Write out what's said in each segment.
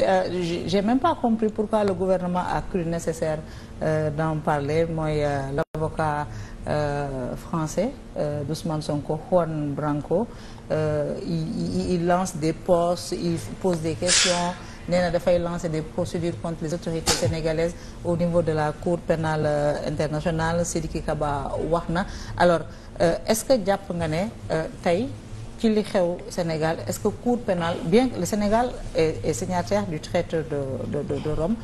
Euh, j'ai même pas compris pourquoi le gouvernement a cru nécessaire euh, d'en parler mooy euh, l'avocat français d'Ousmane Sonko Juan Branco il lance des postes il pose des questions nee na dafay lancer des procédures contre les autorités sénégalaises au niveau de la cour pénale internationale Sidiki Kaba wax na alors est-ce que jàpp nga ne tey ci li xew Sénégal est-ce que cour pénale bien que Sénégal est, eh, est eh, signataire du traité de Rome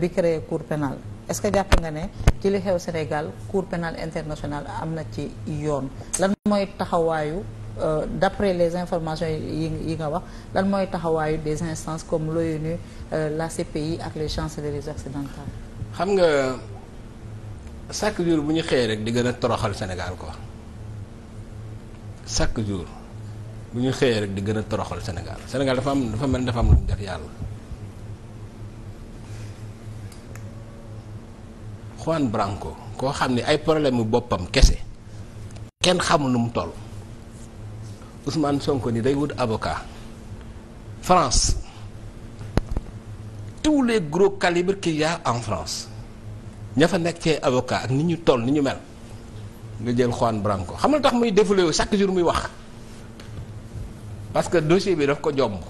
bi eh, créé cour pénal est-ce que jàpp nga ne ci li xew Sénégal cour pénale internationale am na ci yoon lan mooy taxawaayu euh, d'après les informations yi nga wax lan mooy taxawaayu des instances comme l'ONU euh, la CPI ak les chancelleries occidentales. xam nga chaque jour bu ñu xëyee rek di gën a toroxal Sénégal quoi chaque jour. bu ñu xëyee rek di gën a toroxal Sénégal Sénégal dafa am dafa mel dafa am lu ñu yàlla. Juan Branco koo xam ne ay problème mu boppam kese kenn xamul nu mu toll Ousmane Sonko ni day wut avocat France tous les gros calibres qu'il a en France ña fa nekk ci avocat ak ni ñu toll ni ñu mel nga jël Juan Branco xam na tax muy défulé chaque jour muy wax. parce que dossier bi daf ko jomb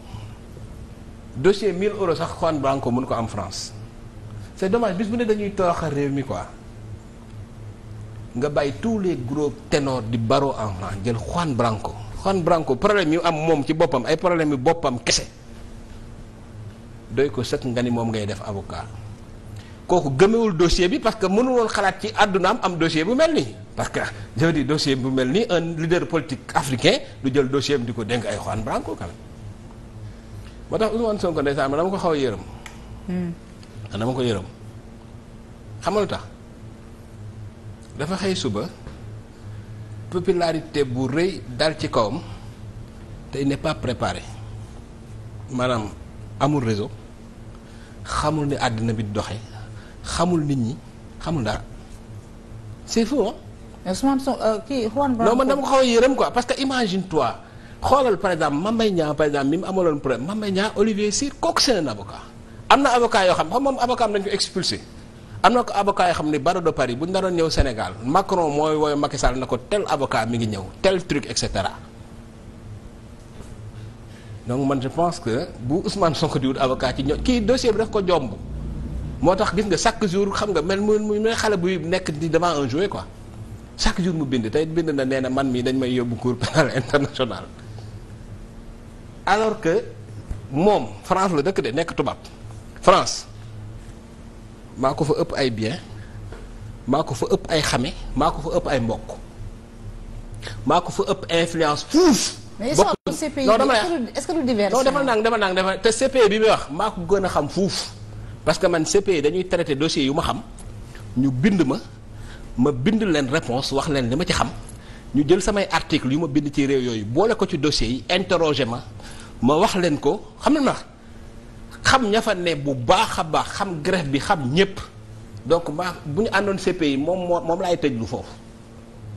dossier 1000 euros sax Juan Branco mënu ko am France c'est dommage bis bu ne dañuy toroxal réew mi quoi nga bàyyi tous les gros ténors di barreau en France jël Juan Branco Juan Branco problème yu am moom ci boppam ay problème yu boppam kese doy ko sëkk nga ni moom ngay def avocat kooku gëmewul dossier bi parce que mënu xalaat ci àddunaam am dossier bu mel nii parce que je dis dossier bu mel ni un leader politique africain du jël dossier di ko dénk ay Juan Branco quand même moo tax Ousmane Sonko ndeysaan ma dama ko xaw a yërëm. Hmm. dama ko yërëm dal ci kawam te il n'est amul réseau xamul ne àddina bi doxee xamul nit ñi xamul dara mais Ousmane Sonko euh, kii Juan Branco non man dama ko xaw yërëm quoi parce que imagine toi xoolal par exemple Mame Mbaye Niang par exemple mi mu amaloon problème Mame Mbaye Niang Olivier Cyr kooku c'est un avocat am na avocat yoo xam xam moom avocat am nañu ko expulsé am yoo xam ne barreau de Paris bu ñu naroon ñëw Sénégal Macron mooy wooyu Macky Sall na ko tel avocat mi ngi ñëw tel truc et cetera donc man je pense que bu Ousmane Sonko di wut avocat ci ñoom kii dossier bi daf ko jomb moo tax gis nga chaque jour xam nga mel mu mel xale buy nekk di devant un jouet chaque jour mu bind tey bind na neena man mii dañ may yóbbu cour pénal international alors que moom France la dëkk de nekk tubaab France maa ko fa ëpp ay bien maa ko fa ëpp ay xame maa ko fa ëpp ay mbokk maa ko fa ëpp influence fuuf. bokk non dama est-ce que du diversion non defal nang defal nang defal te CPE bi muy wax maa ko gën a xam fuuf parce que man CPE dañuy traité dossier yu ma xam ñu bind ma. ma bind leen réponse wax leen li ma ci xam ñu jël samay article yu ma bind ci réew yooyu boole ko ci dossiers yi interroger ma ma wax leen ko xam na ma xam ña fa ne bu baax a baax xam greffe bi xam ñëpp donc ma bu ñu àndoon CPI moom moo moom laay tëj lu foofu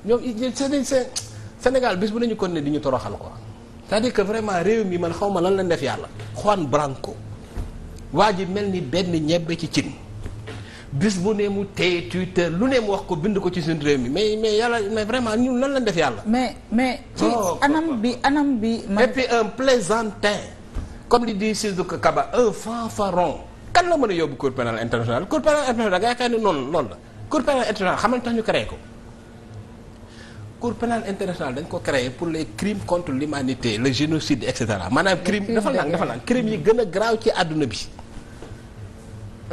ñoom se c'est Sénégal bis bu nañu kon ne di ñu toroxal ko c'est-à-dire que vraiment réew mi man xaw ma lan leen def yàlla Juan Branco waa ji mel ni benn ñebbe ci cin bis bu ne mu téye Twitter lu ne mu wax ko bind ko ci suñu réew mi mais mais yàlla mais vraiment ñun lan lañ def yàlla. mais mais ci oh, anam bi anam bi. et puis un plaisantin comme li di Sidou Kaba un fanfaron kan la mën a yóbbu cour pénal international cour pénal international nga yaakaar ni noonu lool la cour pénal international xamal tax ñu créé ko. cour pénal international dañ ko créé pour les crimes contre l'humanité le génocide et cetera maanaam crime dafa naan dafa naan crime gën a graaw ci àdduna bi.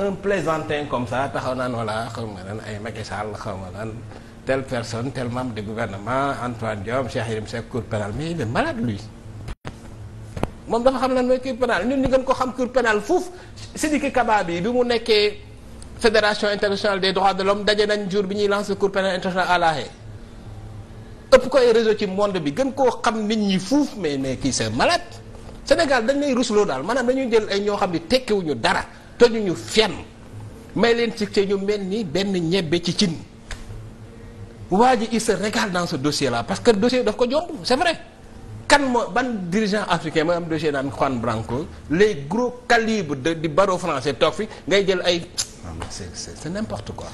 un plaisantin comme ça taxaw naan voilà xaw ma lan ay Macky Sall xaw ma lan telle personne tel membre du gouvernement Antoine Diome Cheikh Yérim Seck cour pénale mais il est malade lui moom dafa xam lan mooy cour pénale ñun ñu gën ko xam cour pénale foofu Sidiki Kaba bi bi mu nekkee fédération internationale des droits de l'homme daje nañ jour bi ñuy lancé cour pénale internationale à ëpp ko ay réseau ci monde bi gën koo xam nit ñi fuuf mais mais kii c'est malade Sénégal dañ lay rusloo tëjuñu fenn may leen ci te ñu mel ni benn ñebbe ci cin waa ji il se régale dans ce dossier la parce que dossier daf ko jomb c'est vrai kan moo ban dirigeant africain mooy am dossier naan Juan Branco les gros calibres de di barreau français toog fi ngay jël ay c'est c'est n'importe quoi